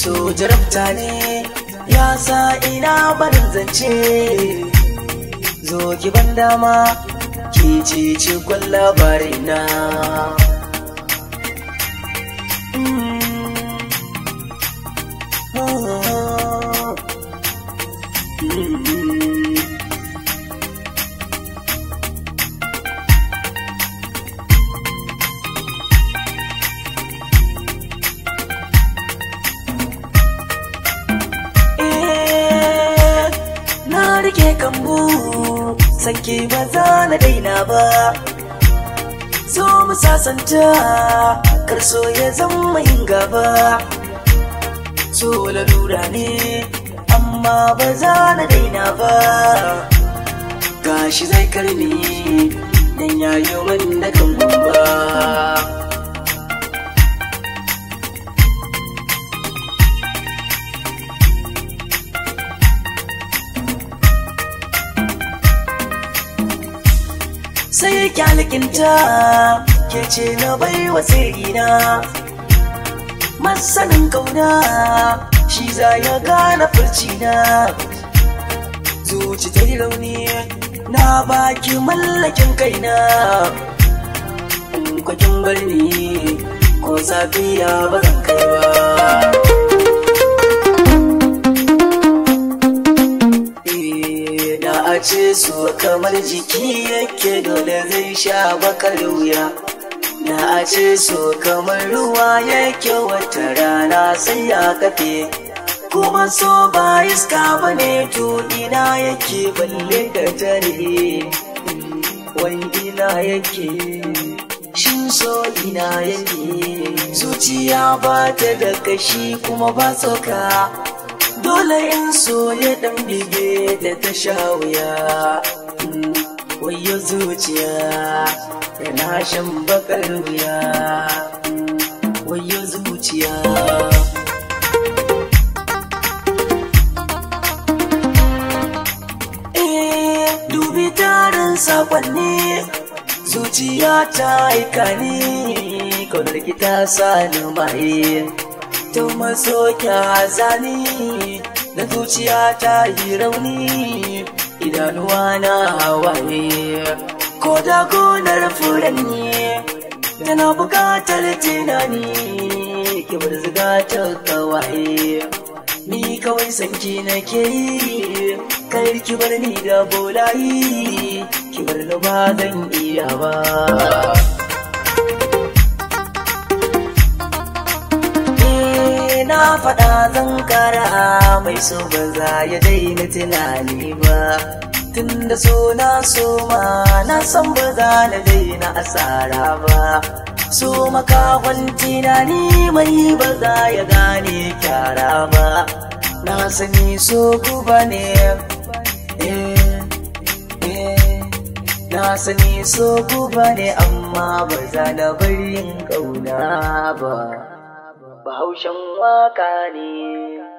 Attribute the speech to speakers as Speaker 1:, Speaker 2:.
Speaker 1: so jarabta ne ya sa ina barin zance zo ki ban dama ki ci labarina mm. kan kambu sanke ba za na daina ba zo mu sasanta so ya zama yin gaba so lalura ne amma ba za na daina ba gashi zai karni dan yayo man da kan ba sai kyalikinta ke ce na bai wa na masanin kauna shi za ya gane furcina zuci ta yi rauni na baki mallakin kaina in kwakin birni ko safiya ba zan kai ba ce su kamar jiki yake dole zai sha bakar wuya na a ce su kamar ruwa yake wata rana sai ya kafe kuma so ba iska ba bane tudina yake balle da tare wandina yake shin so ina yake zuciya ba ta da kashi kuma ba sauka. dole in so ya dan bige da ta sha wuya wayo zuciya yana shan bakar wuya wayo zuciya eh, dubi tarin sakonni zuciya ta aika ni kaunar ki ta sa ni tuhumar soke zani na zuciya ta yi rauni idanuwa na hawaye ko da gonar furanni tana bukatar tunani ki bar ziga ta kawaye ni kawai sanki nake yi kar ki bar ni da bolayi ki bar ni ba zan iya ba na faɗa zan kara mai so ba za ya daina tunani ba tunda da so na so ma na san ba za na daina asara ba so makahon tunani mai ba za ya gane kyara ba na sani so ku ba ne eh, eh. na so ku amma ba za na bari in kauna ba bahaushen waka ne.